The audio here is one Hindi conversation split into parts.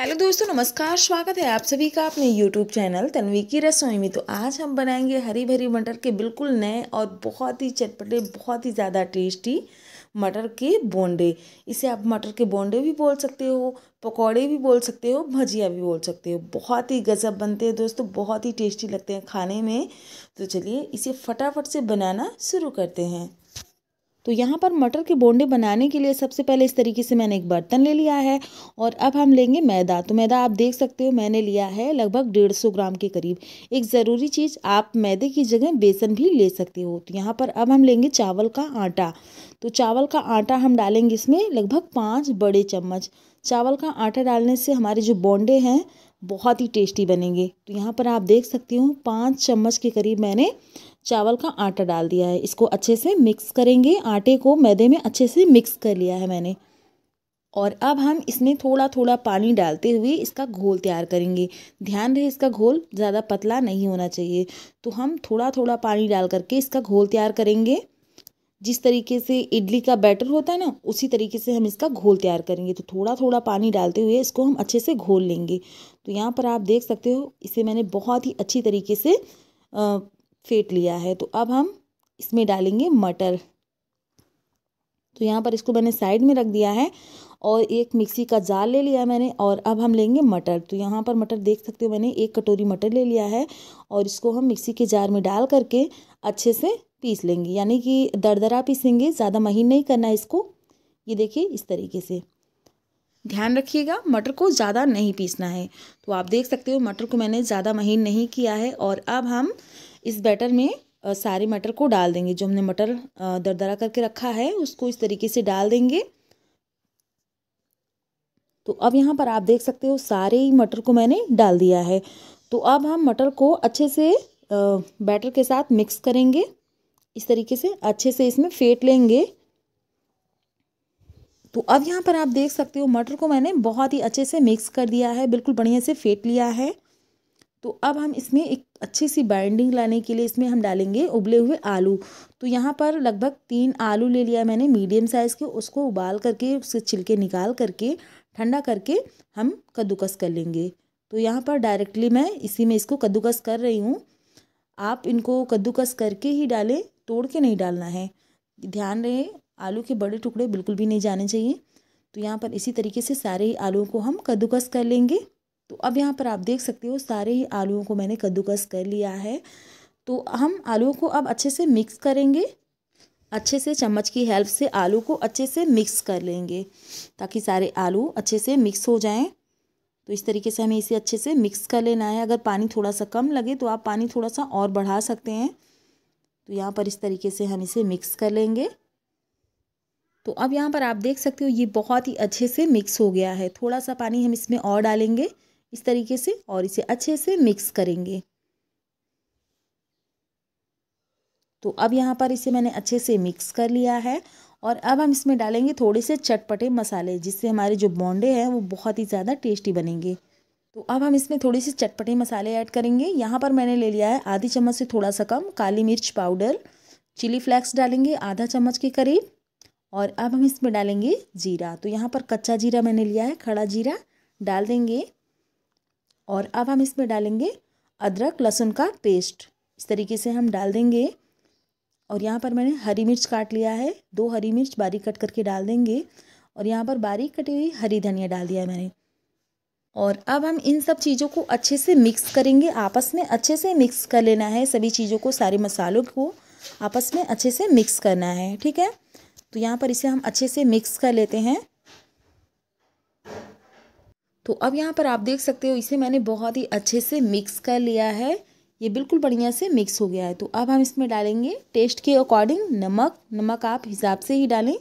हेलो दोस्तों नमस्कार स्वागत है आप सभी का अपने यूट्यूब चैनल तनवी की रसोई में तो आज हम बनाएंगे हरी भरी मटर के बिल्कुल नए और बहुत ही चटपटे बहुत ही ज़्यादा टेस्टी मटर के बोंडे इसे आप मटर के बोंडे भी बोल सकते हो पकौड़े भी बोल सकते हो भजिया भी बोल सकते हो बहुत ही गज़ब बनते हैं दोस्तों बहुत ही टेस्टी लगते हैं खाने में तो चलिए इसे फटाफट से बनाना शुरू करते हैं तो यहाँ पर मटर के बोंडे बनाने के लिए सबसे पहले इस तरीके से मैंने एक बर्तन ले लिया है और अब हम लेंगे मैदा तो मैदा आप देख सकते हो मैंने लिया है लगभग डेढ़ सौ ग्राम के करीब एक ज़रूरी चीज़ आप मैदे की जगह बेसन भी ले सकते हो तो यहाँ पर अब हम लेंगे चावल का आटा तो चावल का आटा हम डालेंगे इसमें लगभग पाँच बड़े चम्मच चावल का आटा डालने से हमारे जो बोंडे हैं बहुत ही टेस्टी बनेंगे तो यहाँ पर आप देख सकते हो पाँच चम्मच के करीब मैंने चावल का आटा डाल दिया है इसको अच्छे से मिक्स करेंगे आटे को मैदे में अच्छे से मिक्स कर लिया है मैंने और अब हम इसमें थोड़ा थोड़ा पानी डालते हुए इसका घोल तैयार करेंगे ध्यान रहे इसका घोल ज़्यादा पतला नहीं होना चाहिए तो हम थोड़ा थोड़ा पानी डाल करके इसका घोल तैयार करेंगे जिस तरीके से इडली का बैटर होता है ना उसी तरीके से हम इसका घोल तैयार करेंगे तो थोड़ा थोड़ा पानी डालते हुए इसको हम अच्छे से घोल लेंगे तो यहाँ पर आप देख सकते हो इसे मैंने बहुत ही अच्छी तरीके से आ, फेंट लिया है तो अब हम इसमें डालेंगे मटर तो यहाँ पर इसको मैंने साइड में रख दिया है और एक मिक्सी का जार ले लिया मैंने और अब हम लेंगे मटर तो यहाँ पर मटर देख सकते हो मैंने एक कटोरी मटर ले लिया है और इसको हम मिक्सी के जार में डाल करके अच्छे से पीस लेंगे यानी कि दरदरा पीसेंगे ज़्यादा महीन नहीं करना इसको ये देखिए इस तरीके से ध्यान रखिएगा मटर को ज़्यादा नहीं पीसना है तो आप देख सकते हो मटर को मैंने ज़्यादा महीन नहीं किया है और अब हम इस बैटर में सारे मटर को डाल देंगे जो हमने मटर दरदरा करके रखा है उसको इस तरीके से डाल देंगे तो अब यहाँ पर आप देख सकते हो सारे ही मटर को मैंने डाल दिया है तो अब हम मटर को अच्छे से बैटर के साथ मिक्स करेंगे इस तरीके से अच्छे से इसमें फेंट लेंगे तो अब यहाँ पर आप देख सकते हो मटर को मैंने बहुत ही अच्छे से मिक्स कर दिया है बिल्कुल बढ़िया से फेंट लिया है तो अब हम इसमें एक अच्छी सी बाइंडिंग लाने के लिए इसमें हम डालेंगे उबले हुए आलू तो यहाँ पर लगभग तीन आलू ले लिया मैंने मीडियम साइज़ के उसको उबाल करके उसके छिलके निकाल करके ठंडा करके हम कद्दूकस कर लेंगे तो यहाँ पर डायरेक्टली मैं इसी में इसको कद्दूकस कर रही हूँ आप इनको कद्दूकस करके ही डालें तोड़ के नहीं डालना है ध्यान रहे आलू के बड़े टुकड़े बिल्कुल भी नहीं जाने चाहिए तो यहाँ पर इसी तरीके से सारे आलू को हम कद्दूकस कर लेंगे तो अब यहाँ पर आप देख सकते हो सारे ही आलूओं को मैंने कद्दूकस कर लिया है तो हम आलूओं को अब अच्छे से मिक्स करेंगे अच्छे से चम्मच की हेल्प से आलू को अच्छे से मिक्स कर लेंगे ताकि सारे आलू अच्छे से मिक्स हो जाएं तो इस तरीके से हमें इसे अच्छे से मिक्स कर लेना है अगर पानी थोड़ा सा कम लगे तो आप पानी थोड़ा सा और बढ़ा सकते हैं तो यहाँ पर इस तरीके से हम इसे मिक्स कर लेंगे तो अब यहाँ पर आप देख सकते हो ये बहुत ही अच्छे से मिक्स हो गया है थोड़ा सा पानी हम इसमें और डालेंगे इस तरीके से और इसे अच्छे से मिक्स करेंगे तो अब यहाँ पर इसे मैंने अच्छे से मिक्स कर लिया है और अब हम इसमें डालेंगे थोड़े से चटपटे मसाले जिससे हमारे जो बॉन्डे हैं वो बहुत ही ज़्यादा टेस्टी बनेंगे तो अब हम इसमें थोड़े से चटपटे मसाले ऐड करेंगे यहाँ पर मैंने ले लिया है आधी चम्मच से थोड़ा सा कम काली मिर्च पाउडर चिली फ्लेक्स डालेंगे आधा चम्मच के करीब और अब हम इसमें डालेंगे जीरा तो यहाँ पर कच्चा जीरा मैंने लिया है खड़ा जीरा डाल देंगे और अब हम इसमें डालेंगे अदरक लहसुन का पेस्ट इस तरीके से हम डाल देंगे और यहाँ पर मैंने हरी मिर्च काट लिया है दो हरी मिर्च बारीक कट करके डाल देंगे और यहाँ पर बारीक कटी हुई हरी धनिया डाल दिया है मैंने और अब हम इन सब चीज़ों को अच्छे से मिक्स करेंगे आपस में अच्छे से मिक्स कर लेना है सभी चीज़ों को सारे मसालों को आपस में अच्छे से मिक्स करना है ठीक है तो यहाँ पर इसे हम अच्छे से मिक्स कर लेते हैं तो अब यहाँ पर आप देख सकते हो इसे मैंने बहुत ही अच्छे से मिक्स कर लिया है ये बिल्कुल बढ़िया से मिक्स हो गया है तो अब हम इसमें डालेंगे टेस्ट के अकॉर्डिंग नमक नमक आप हिसाब से ही डालें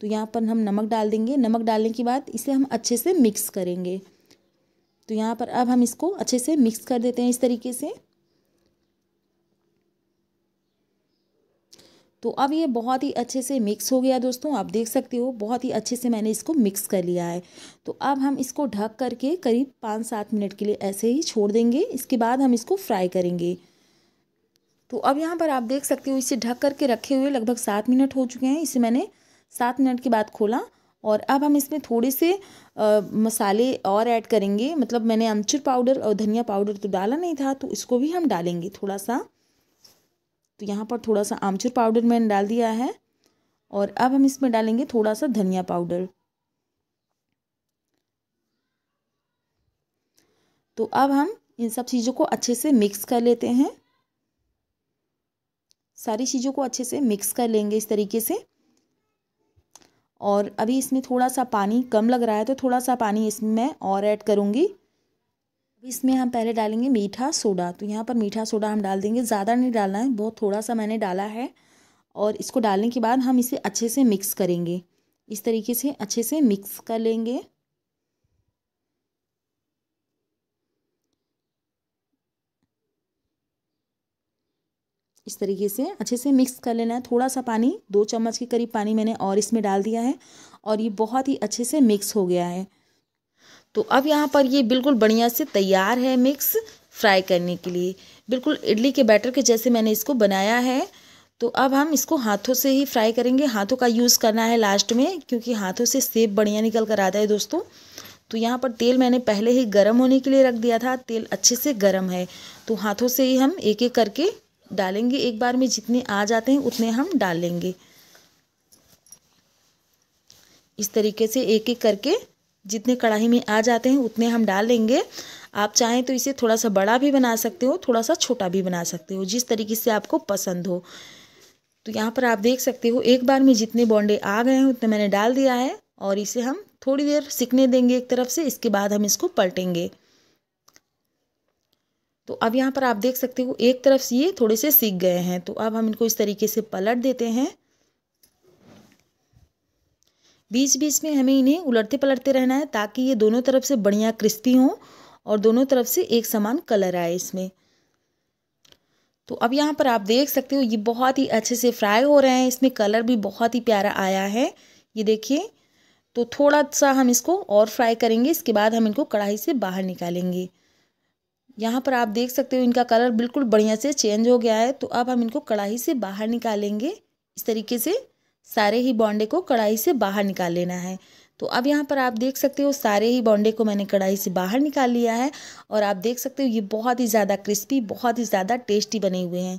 तो यहाँ पर हम नमक डाल देंगे नमक डालने के बाद इसे हम अच्छे से मिक्स करेंगे तो यहाँ पर अब हम इसको अच्छे से मिक्स कर देते हैं इस तरीके से तो अब ये बहुत ही अच्छे से मिक्स हो गया दोस्तों आप देख सकते हो बहुत ही अच्छे से मैंने इसको मिक्स कर लिया है तो अब हम इसको ढक करके करीब पाँच सात मिनट के लिए ऐसे ही छोड़ देंगे इसके बाद हम इसको फ्राई करेंगे तो अब यहाँ पर आप देख सकते हो इसे ढक करके रखे हुए लगभग सात मिनट हो चुके हैं इसे मैंने सात मिनट के बाद खोला और अब हम इसमें थोड़े से आ, मसाले और ऐड करेंगे मतलब मैंने अमचूर पाउडर और धनिया पाउडर तो डाला नहीं था तो इसको भी हम डालेंगे थोड़ा सा तो यहाँ पर थोड़ा सा आमचूर पाउडर मैंने डाल दिया है और अब हम इसमें डालेंगे थोड़ा सा धनिया पाउडर तो अब हम इन सब चीज़ों को अच्छे से मिक्स कर लेते हैं सारी चीज़ों को अच्छे से मिक्स कर लेंगे इस तरीके से और अभी इसमें थोड़ा सा पानी कम लग रहा है तो थोड़ा सा पानी इसमें मैं और ऐड करूँगी इसमें हम पहले डालेंगे मीठा सोडा तो यहाँ पर मीठा सोडा हम डाल देंगे ज़्यादा नहीं डालना है बहुत थोड़ा सा मैंने डाला है और इसको डालने के बाद हम इसे अच्छे से मिक्स करेंगे इस तरीके से अच्छे से मिक्स कर लेंगे इस तरीके से अच्छे से मिक्स कर लेना है थोड़ा सा पानी दो चम्मच के करीब पानी मैंने और इसमें डाल दिया है और ये बहुत ही अच्छे से मिक्स हो गया है तो अब यहाँ पर ये बिल्कुल बढ़िया से तैयार है मिक्स फ्राई करने के लिए बिल्कुल इडली के बैटर के जैसे मैंने इसको बनाया है तो अब हम इसको हाथों से ही फ्राई करेंगे हाथों का यूज़ करना है लास्ट में क्योंकि हाथों से सेब बढ़िया निकल कर आता है दोस्तों तो यहाँ पर तेल मैंने पहले ही गर्म होने के लिए रख दिया था तेल अच्छे से गर्म है तो हाथों से ही हम एक एक करके डालेंगे एक बार में जितने आ जाते हैं उतने हम डाल लेंगे इस तरीके से एक एक करके जितने कढ़ाई में आ जाते हैं उतने हम डाल लेंगे आप चाहें तो इसे थोड़ा सा बड़ा भी बना सकते हो थोड़ा सा छोटा भी बना सकते हो जिस तरीके से आपको पसंद हो तो यहाँ पर आप देख सकते हो एक बार में जितने बॉन्डे आ गए हैं उतने मैंने डाल दिया है और इसे हम थोड़ी देर सिकने देंगे एक तरफ से इसके बाद हम इसको पलटेंगे तो अब यहाँ पर आप देख सकते हो एक तरफ से ये थोड़े से सीख गए हैं तो अब हम इनको इस तरीके से पलट देते हैं बीच बीच में हमें इन्हें उलटते पलटते रहना है ताकि ये दोनों तरफ से बढ़िया क्रिस्पी हों और दोनों तरफ से एक समान कलर आए इसमें तो अब यहाँ पर आप देख सकते हो ये बहुत ही अच्छे से फ्राई हो रहे हैं इसमें कलर भी बहुत ही प्यारा आया है ये देखिए तो थोड़ा सा हम इसको और फ्राई करेंगे इसके बाद हम इनको कढ़ाई से बाहर निकालेंगे यहाँ पर आप देख सकते हो इनका कलर बिल्कुल बढ़िया से चेंज हो गया है तो अब हम इनको कढ़ाई से बाहर निकालेंगे इस तरीके से सारे ही बॉन्डे को कढ़ाई से बाहर निकाल लेना है तो अब यहाँ पर आप देख सकते हो सारे ही बॉन्डे को मैंने कढ़ाई से बाहर निकाल लिया है और आप देख सकते हो ये बहुत ही ज़्यादा क्रिस्पी बहुत ही ज़्यादा टेस्टी बने हुए हैं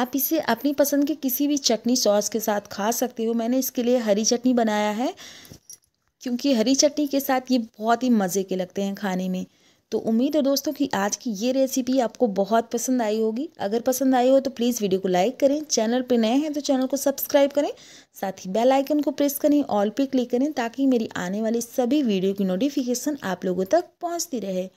आप इसे अपनी पसंद के किसी भी चटनी सॉस के साथ खा सकते हो मैंने इसके लिए हरी चटनी बनाया है क्योंकि हरी चटनी के साथ ये बहुत ही मज़े के लगते हैं खाने में तो उम्मीद है दोस्तों कि आज की ये रेसिपी आपको बहुत पसंद आई होगी अगर पसंद आई हो तो प्लीज़ वीडियो को लाइक करें चैनल पर नए हैं तो चैनल को सब्सक्राइब करें साथ ही बेल आइकन को प्रेस करें ऑल पे क्लिक करें ताकि मेरी आने वाली सभी वीडियो की नोटिफिकेशन आप लोगों तक पहुँचती रहे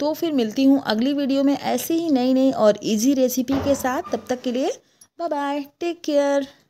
तो फिर मिलती हूँ अगली वीडियो में ऐसी ही नई नई और ईजी रेसिपी के साथ तब तक के लिए बाय बाय टेक केयर